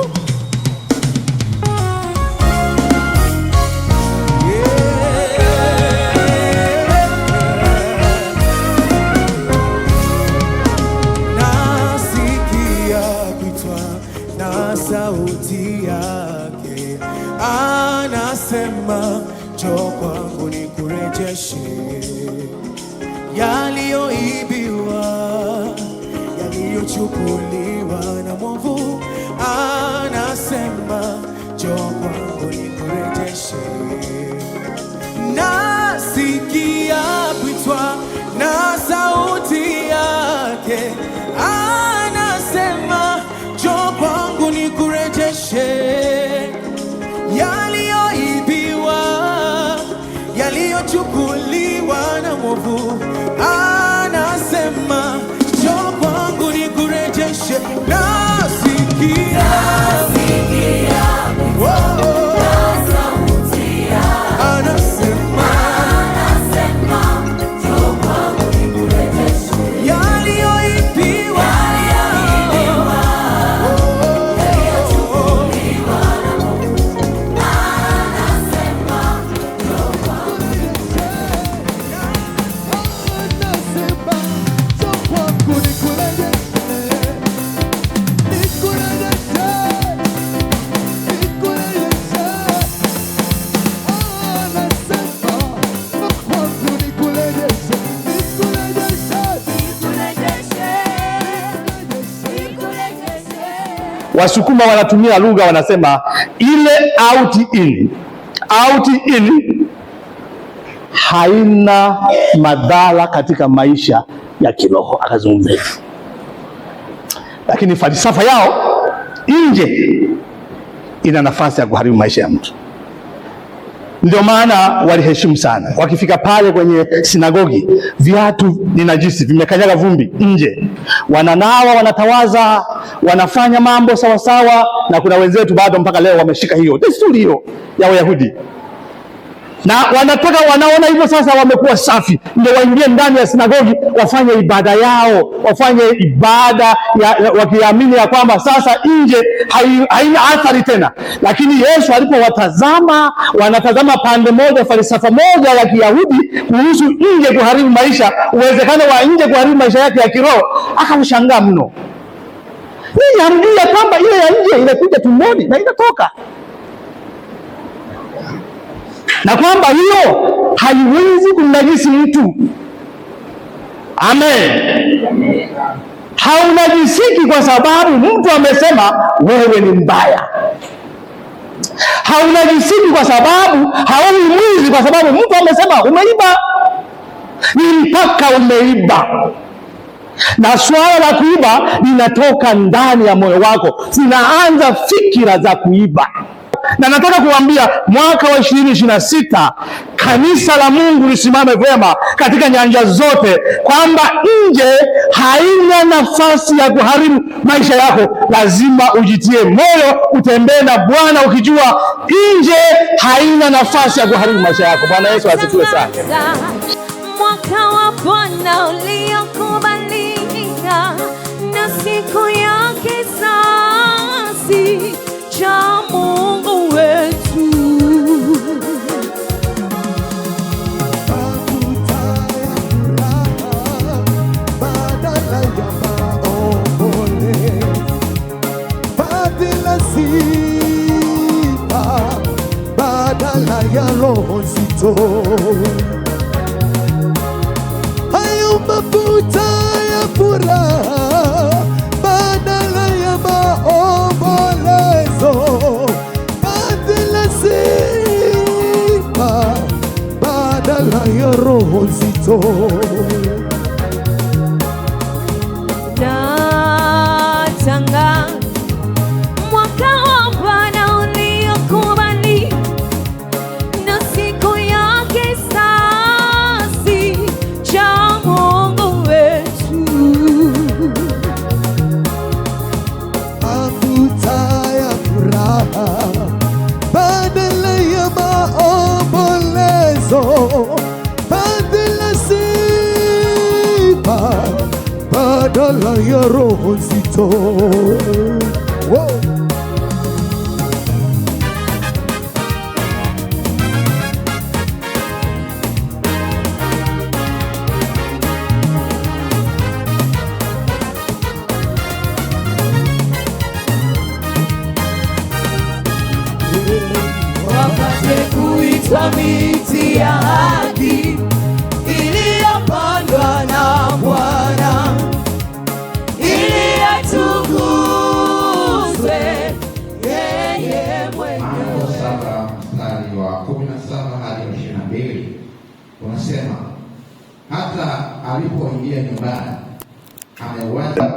Whoa. Wasukuma wanatumia lugha, wanasema ile out in, out in haina madhara katika maisha ya kiroho, akazungumza. Lakini falsafa yao nje ina nafasi ya kuharibu maisha ya mtu. Ndio maana waliheshimu sana. Wakifika pale kwenye sinagogi, viatu ni najisi, vimekanyaga vumbi nje, wananawa, wanatawaza, wanafanya mambo sawasawa, na kuna wenzetu bado mpaka leo wameshika hiyo desturi hiyo ya Wayahudi na wanataka wanaona hivyo sasa, wamekuwa safi, ndio waingie ndani ya sinagogi wafanye ibada yao, wafanye ibada wakiamini ya kwamba sasa nje haina athari tena. Lakini Yesu alipowatazama, wanatazama pande moja, falsafa moja ya Kiyahudi kuhusu nje kuharibu maisha, uwezekano wa nje kuharibu maisha yake ya kiroho, akamshangaa mno. Ninyi hamjui ya kwamba ile ya nje inakuja tumboni na inatoka na kwamba hiyo haiwezi kumnajisi mtu. Amen. Haunajisiki kwa sababu mtu amesema wewe ni mbaya. Haunajisiki kwa sababu haui mwizi, kwa sababu mtu amesema umeiba. Ni mpaka umeiba, na swala la kuiba linatoka ndani ya moyo wako, zinaanza fikira za kuiba na nataka kuambia mwaka wa ishirini ishirini na sita kanisa la Mungu lisimame vyema katika nyanja zote, kwamba nje haina nafasi ya kuharibu maisha yako. Lazima ujitie moyo, utembee na Bwana ukijua nje haina nafasi ya kuharibu maisha yako. Bwana Yesu asifiwe sana. Mwaka wa Bwana uliokubalika na siku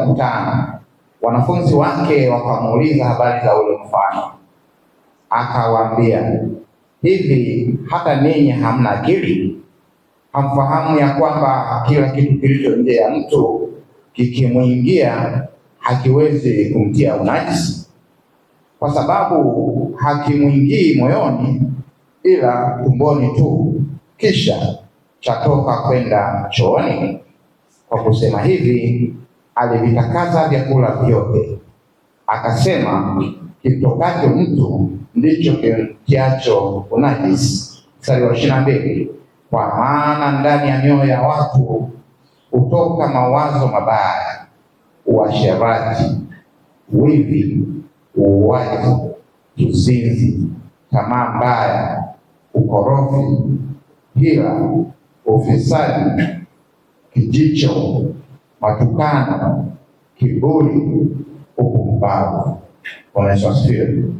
mkutano. Wanafunzi wake wakamuuliza habari za ule mfano, akawaambia hivi, hata ninyi hamna akili? Hamfahamu ya kwamba kila kitu kilicho nje ya mtu kikimwingia hakiwezi kumtia unajisi, kwa sababu hakimwingii moyoni, ila tumboni tu, kisha chatoka kwenda chooni. Kwa kusema hivi alivitakaza vyakula vyote, akasema kitokacho mtu ndicho kiacho unajisi. Mstari wa ishirini na mbili, kwa maana ndani ya mioyo ya watu hutoka mawazo mabaya, uasherati, wivi, uuaji, uzinzi, tamaa mbaya, ukorofi, hila, ufisadi, kijicho matucana Matukana, Kiburi, Upumbaba. Bom dia,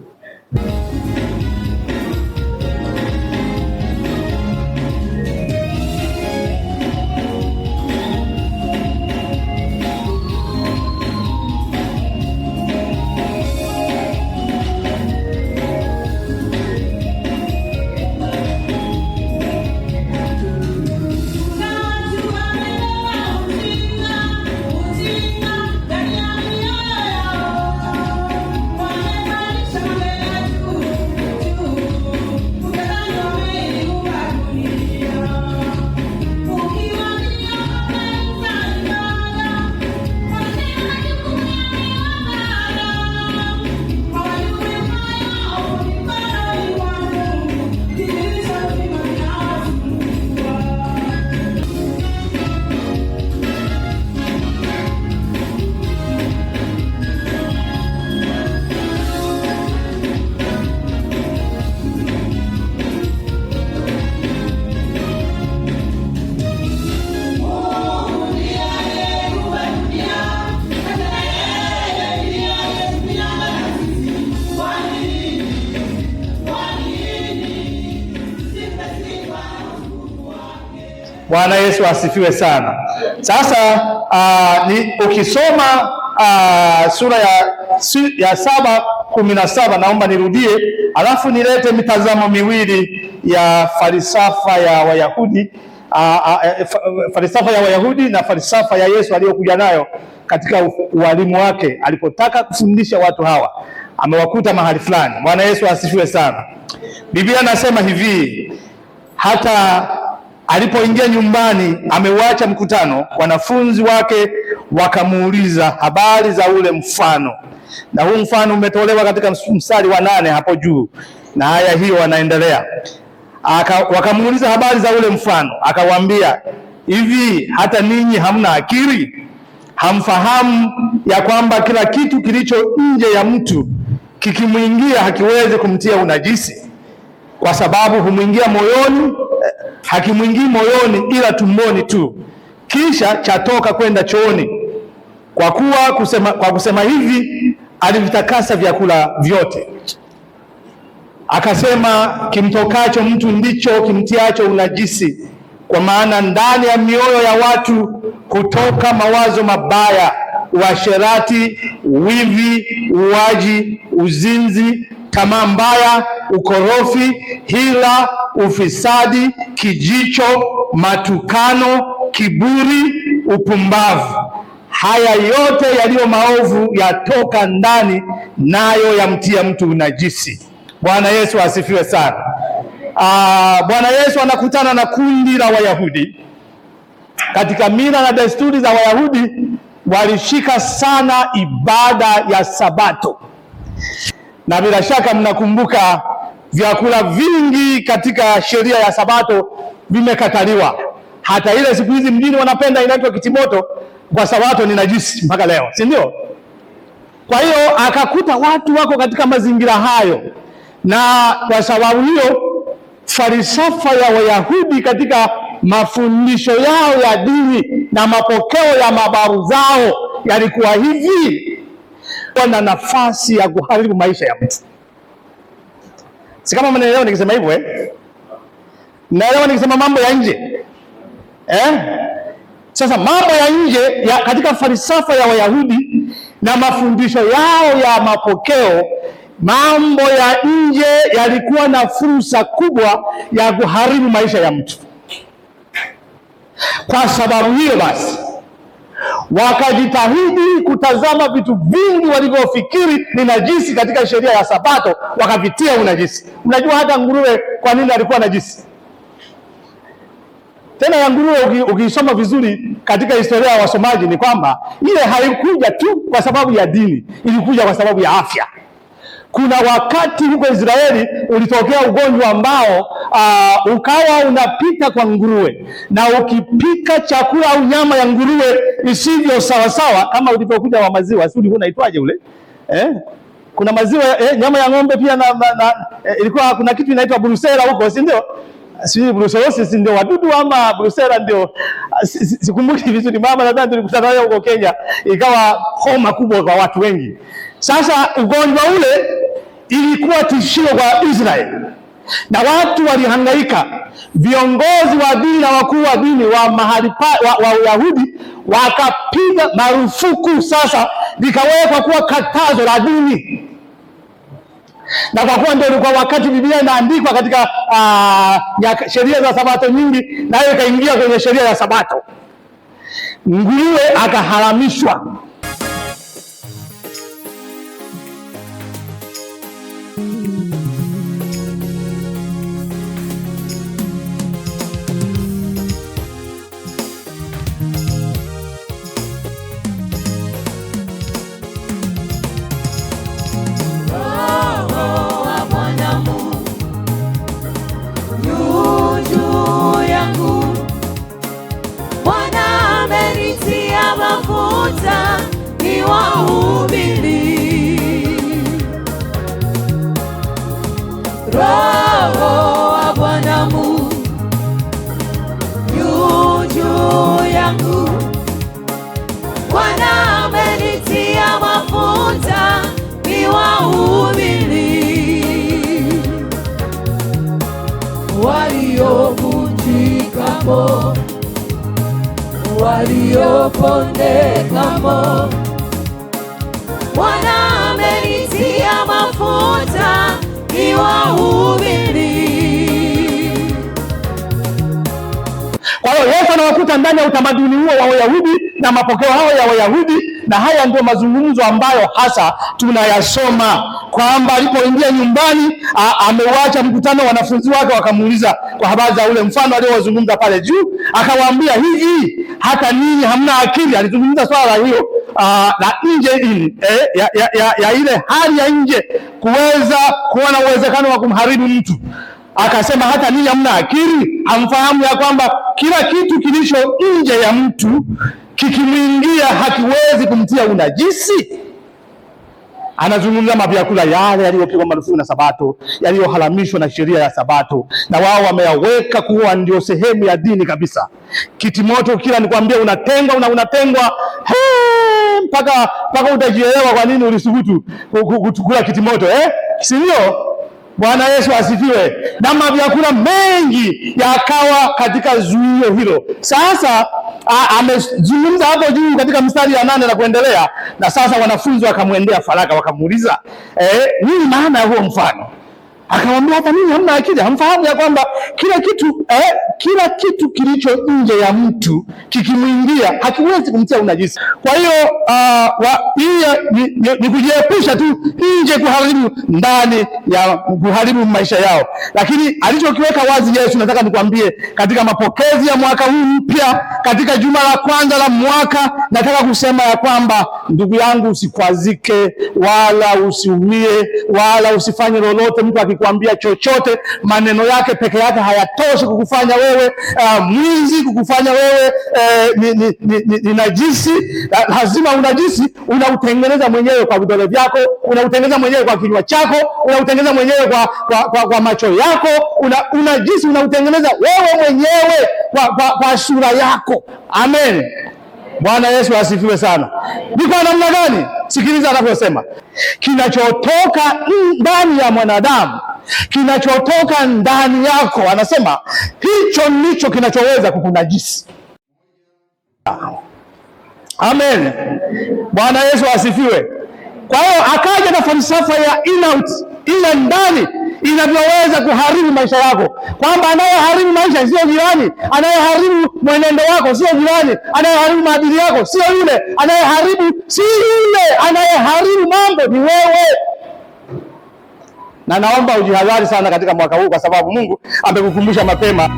Bwana Yesu asifiwe sana. Sasa uh, ni, ukisoma uh, sura ya, ya saba kumi na saba naomba nirudie, alafu nilete mitazamo miwili ya falsafa ya Wayahudi uh, uh, falsafa ya Wayahudi na falsafa ya Yesu aliyokuja nayo katika ualimu wake alipotaka kufundisha watu hawa amewakuta mahali fulani. Bwana Yesu asifiwe sana. Biblia nasema hivi hata Alipoingia nyumbani, ameuacha mkutano, wanafunzi wake wakamuuliza habari za ule mfano, na huu mfano umetolewa katika mstari wa nane hapo juu, na haya hiyo wanaendelea. Wakamuuliza habari za ule mfano, akawaambia hivi, hata ninyi hamna akili? Hamfahamu ya kwamba kila kitu kilicho nje ya mtu kikimwingia hakiwezi kumtia unajisi kwa sababu humwingia moyoni, hakimwingii moyoni ila tumboni tu, kisha chatoka kwenda chooni. Kwa kuwa kusema, kwa kusema hivi alivitakasa vyakula vyote, akasema kimtokacho mtu ndicho kimtiacho unajisi, kwa maana ndani ya mioyo ya watu kutoka mawazo mabaya, uasherati, wivi, uaji, uzinzi tamaa mbaya, ukorofi, hila, ufisadi, kijicho, matukano, kiburi, upumbavu. Haya yote yaliyo maovu yatoka ndani, nayo yamtia mtu unajisi. Bwana Yesu asifiwe sana. Aa, ah, Bwana Yesu anakutana na kundi la Wayahudi. Katika mila na desturi za Wayahudi walishika sana ibada ya Sabato na bila shaka mnakumbuka vyakula vingi katika sheria ya Sabato vimekataliwa. Hata ile siku hizi mjini wanapenda inaitwa kitimoto, kwa Sabato ni najisi mpaka leo, si ndio? Kwa hiyo akakuta watu wako katika mazingira hayo, na kwa sababu hiyo falsafa ya Wayahudi katika mafundisho yao ya dini na mapokeo ya mababu zao yalikuwa hivi wana nafasi ya kuharibu maisha ya mtu. Si kama mnaelewa nikisema hivyo eh? Naelewa nikisema mambo ya nje eh? Sasa mambo ya nje ya katika falsafa ya Wayahudi na mafundisho yao ya mapokeo, mambo ya nje yalikuwa na fursa kubwa ya kuharibu maisha ya mtu. Kwa sababu hiyo basi wakajitahidi kutazama vitu vingi walivyofikiri ni najisi katika sheria ya Sabato, wakavitia unajisi. Unajua hata nguruwe kwa nini alikuwa najisi? Tena ya nguruwe ukiisoma vizuri katika historia ya wasomaji ni kwamba ile haikuja tu kwa sababu ya dini, ilikuja kwa sababu ya afya. Kuna wakati huko Israeli ulitokea ugonjwa ambao uh, ukawa unapita kwa nguruwe, na ukipika chakula au nyama ya nguruwe isivyo sawasawa, kama ulivyokuja wa maziwa, si ulikuwa unaitwaje ule eh? Kuna maziwa eh, nyama ya ng'ombe pia na, na, na, eh, ilikuwa kuna kitu inaitwa brusela huko, si ndio? Sijui brucellosis ndio wadudu ama brusela ndio, ah, sikumbuki vizuri. Mama nadhani tulikutana nayo huko Kenya, ikawa homa kubwa kwa watu wengi. Sasa ugonjwa ule ilikuwa tishio kwa Israeli na watu walihangaika. Viongozi wa dini na wakuu wa dini wa mahali pa wa Wayahudi wakapiga marufuku, sasa likawekwa kuwa katazo la dini. Na kwa kuwa ndio ilikuwa wakati Biblia inaandikwa katika uh, sheria za Sabato nyingi, nayo ikaingia kwenye sheria ya Sabato, nguruwe akaharamishwa. waliopondeka moyo. Bwana amenitia mafuta Kwa hiyo Yesu anawakuta ndani ya utamaduni huo wa Wayahudi na mapokeo hayo ya Wayahudi, na haya ndio mazungumzo ambayo hasa tunayasoma kwamba alipoingia nyumbani ameuacha mkutano, wanafunzi wake wakamuuliza kwa habari za ule mfano aliyozungumza pale juu, akawaambia hivi, hata ninyi hamna akili. Alizungumza swala hiyo la nje ili eh, ya, ya, ya, ya ile hali ya nje kuweza kuona uwezekano wa kumharibu mtu akasema hata ninyi hamna akili, hamfahamu ya kwamba kila kitu kilicho nje ya mtu kikimwingia hakiwezi kumtia unajisi anazungumza mavyakula yale yaliyopigwa marufuku na Sabato, yaliyoharamishwa na sheria ya Sabato, na wao wameyaweka kuwa ndio sehemu ya dini kabisa. Kitimoto kila nikwambia, unatengwa una unatengwa mpaka mpaka utajielewa kwa nini ulisubutu kuchukua kitimoto eh, si ndio? Bwana Yesu asifiwe. Na mavyakula mengi yakawa katika zuio hilo. Sasa amezungumza hapo juu katika mstari ya nane na kuendelea, na sasa wanafunzi wakamwendea faraka wakamuuliza eh, nini maana ya huo mfano? Akamwambia, hata mimi hamna akili, hamfahamu ya kwamba kila kitu eh, kila kitu kilicho nje ya mtu kikimwingia hakiwezi kumtia unajisi. Kwa hiyo ah, hii ni kujiepusha tu nje kuharibu, ndani ya kuharibu maisha yao, lakini alichokiweka wazi Yesu, nataka nikwambie, katika mapokezi ya mwaka huu mpya, katika juma la kwanza la mwaka, nataka kusema ya kwamba ndugu yangu, usikwazike wala usiumie wala usifanye lolote. Mtu akikwambia chochote, maneno yake peke yake hayatoshi kukufanya wewe uh, mwizi, kukufanya wewe uh, ni, ni, ni, ni, ni najisi Eh, lazima unajisi unautengeneza mwenyewe kwa vidole vyako, unautengeneza mwenyewe kwa kinywa chako, unautengeneza mwenyewe kwa, kwa, kwa, kwa macho yako, unajisi una unautengeneza wewe mwenyewe kwa, kwa, kwa sura yako. Amen. Bwana Yesu asifiwe sana. Ni kwa namna gani? Sikiliza anavyosema, kinachotoka ndani ya mwanadamu, kinachotoka ndani yako, anasema hicho ndicho kinachoweza kukunajisi. Amen. Bwana Yesu asifiwe. Kwa hiyo akaja na falsafa ya in out, ile ndani inavyoweza kuharibu maisha yako, kwamba anayeharibu maisha sio jirani, anayeharibu mwenendo wako sio jirani, anayeharibu maadili yako sio yule, anayeharibu si yule, anayeharibu mambo ni wewe. Na naomba ujihadhari sana katika mwaka huu, kwa sababu Mungu amekukumbusha mapema.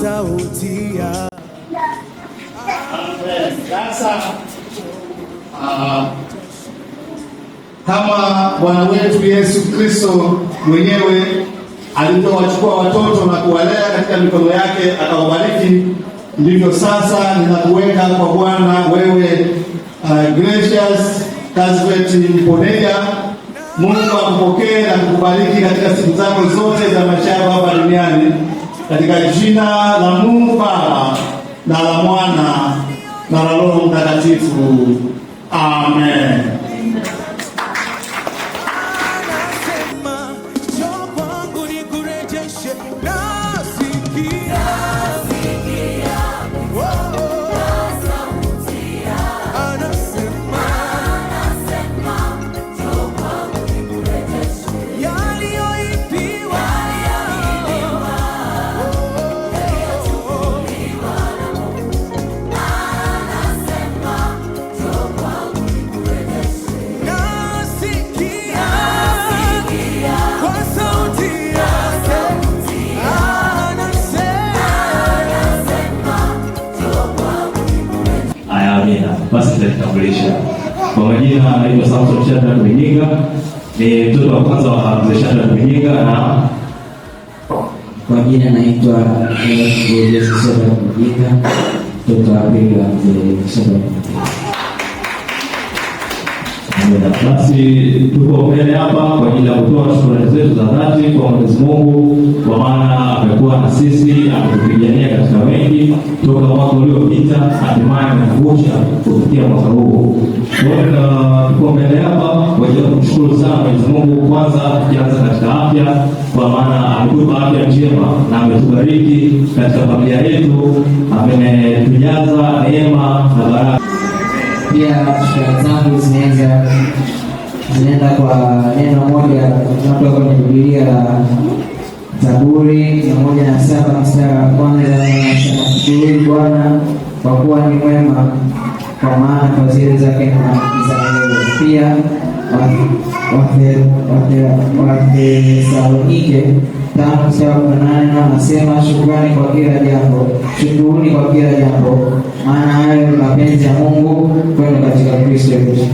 sauti ya sasa. Ah, kama Bwana wetu Yesu Kristo mwenyewe alivyowachukua watoto na kuwalea katika mikono yake akawabariki, ndivyo sasa ninakuweka kwa Bwana wewe, uh, ah, Gracious Casvet Mponeja. Mungu akupokee na kukubariki katika siku zako zote za maisha yako hapa duniani katika jina la Mungu Baba na la Mwana na la Roho Mtakatifu. Amen. Ruhinga, ni mtoto wa kwanza wa Mzee Shanda Ruhinga, na kwa jina naitwa Ruhinga, mtoto wa pili wa Mzee Shanda Ruhinga. Basi tuko mbele hapa kwa ajili ya kutoa shukrani zetu za dhati kwa Mwenyezi Mungu, kwa maana amekuwa na sisi, ametupigania katika wengi toka mwaka uliopita, hatimaye amekuvusha kufikia mwaka huu. Uh, tuko mbele hapa kwa ajili ya kumshukuru sana Mwenyezi Mungu, kwanza kianza katika afya, kwa maana ametupa afya njema na ametubariki katika familia yetu, ametujaza neema na baraka pia shukrani zangu zinaenda zinaenda kwa neno moja tunatoka kwenye Biblia la Zaburi mia moja na saba mstari wa kwanza nasema, Bwana kwa kuwa ni mwema, kwa maana fadhili zake ni za pia. Wathesalonike tangu sura ya nane na anasema shukrani kwa kila jambo, shukuruni kwa kila jambo, maana hayo ni mapenzi ya Mungu kwenu katika Kristo Yesu.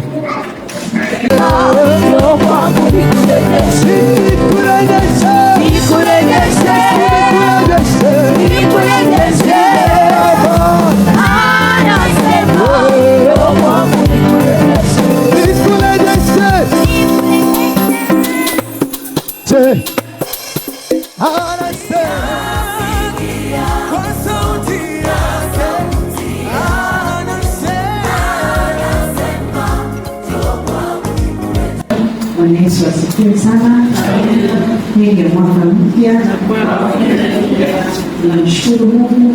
Bwana Yesu asifiwe sana. Hii ni mwaka mpya, tunamshukuru Mungu.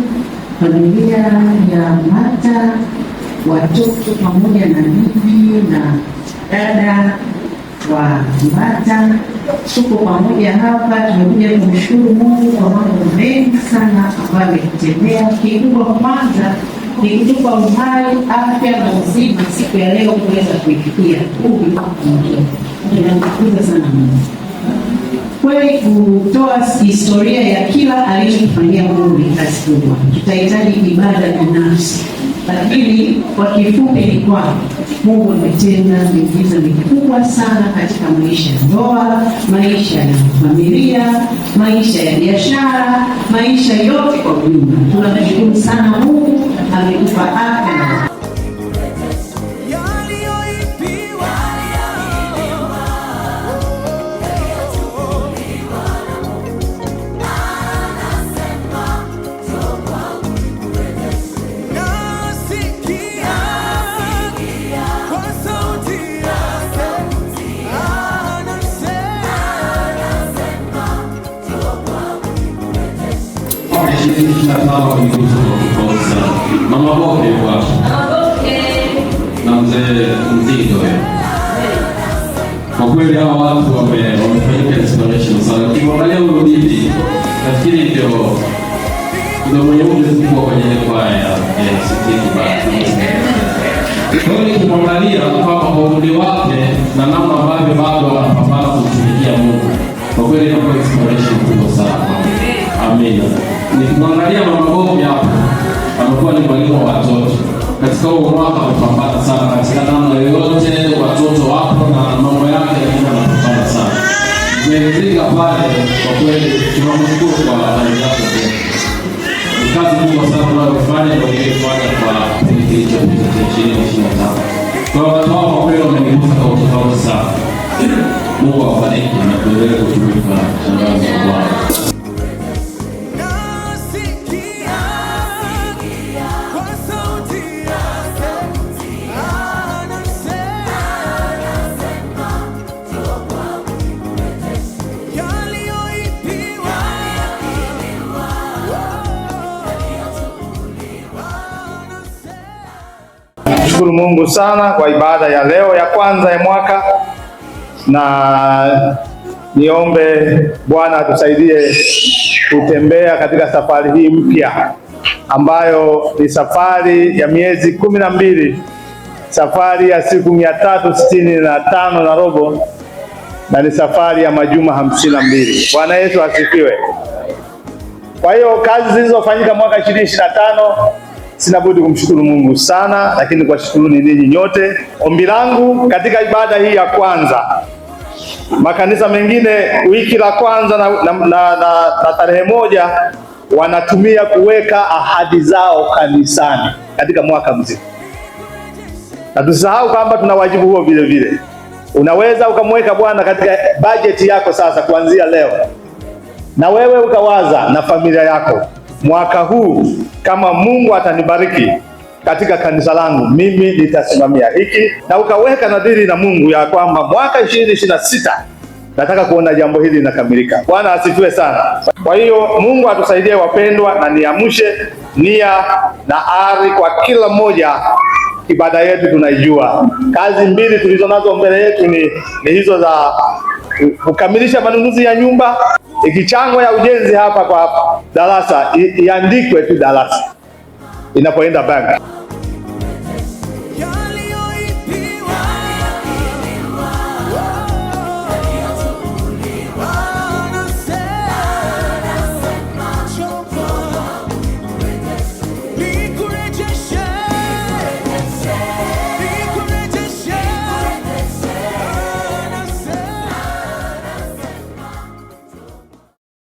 Familia ya Martha, watoto pamoja na bibi na dada wa Kibata, tuko pamoja hapa, tumekuja kumshukuru Mungu kwa mambo mengi sana ambayo amekutendea. Kikubwa kwanza ni kutupa uhai, afya na uzima siku ya leo kuweza kuifikia tunamtukuza sana Mungu kweli kutoa historia ya kila alichokifanyia Mungu ni kazi kubwa. Tutahitaji ibada binafsi lakini kwa kifupi ni kwamba Mungu ametenda miujiza mikubwa sana katika maisha ya ndoa, maisha ya familia, maisha ya biashara, maisha yote kwa ujumla. Tunamshukuru sana Mungu, amekupa afya kabisa kama mtoto wa kikosa mama boke kwa na mzee Mtindo. Kwa kweli hawa watu wamefanyika inspiration sana. Ukiangalia huyo bibi, nafikiri ndio ndio mwenye umri mkubwa kwenye kwaya ya Sitini Bahati. Kwa hiyo nikimwangalia kwa umri wake na namna ambavyo bado anapambana kumtumikia Mungu, kwa kweli inakuwa inspiration kubwa sana. Amina. Nikimwangalia mama Gopi hapa, amekuwa ni mwalimu wa watoto katika huo mwaka, amepambana sana katika namna yoyote, watoto wapo na mambo yake, lakini anapambana sana Nimeridhika pale. Kwa kweli tunamshukuru kwa habari zako, ni kazi kubwa sana unayofanya ile kwanza kwa kipindi kilichopita cha ishirini na ishirini na tano. Kwa hiyo watu hao kwa wamenigusa kwa utofauti sana. Mungu awabariki na kuendelea kutumika shangazi wa Bwana. kumshukuru Mungu sana kwa ibada ya leo ya kwanza ya mwaka, na niombe Bwana atusaidie kutembea katika safari hii mpya ambayo ni safari ya miezi kumi na mbili, safari ya siku mia tatu sitini na tano na robo, na ni safari ya majuma hamsini na mbili. Bwana Yesu asifiwe. Kwa hiyo kazi zilizofanyika mwaka tano Sina budi kumshukuru Mungu sana, lakini kuwashukuruni ninyi nyote. Ombi langu katika ibada hii ya kwanza, makanisa mengine wiki la kwanza na, na, na, na, na tarehe moja wanatumia kuweka ahadi zao kanisani katika mwaka mzima, na tusisahau kwamba tuna wajibu huo vile vile. Unaweza ukamweka Bwana katika bajeti yako sasa kuanzia leo, na wewe ukawaza na familia yako mwaka huu kama Mungu atanibariki katika kanisa langu mimi nitasimamia hiki, na ukaweka nadhiri na Mungu ya kwamba mwaka ishirini na sita nataka kuona jambo hili linakamilika. Bwana asifiwe sana. Kwa hiyo Mungu atusaidie wapendwa, na niamshe nia na ari kwa kila mmoja. Ibada yetu tunaijua, kazi mbili tulizonazo mbele yetu ni, ni hizo za kukamilisha manunuzi ya nyumba, ikichangwa ya ujenzi hapa kwa hapa dalasa iandikwe tu Dalasa inapoenda bank.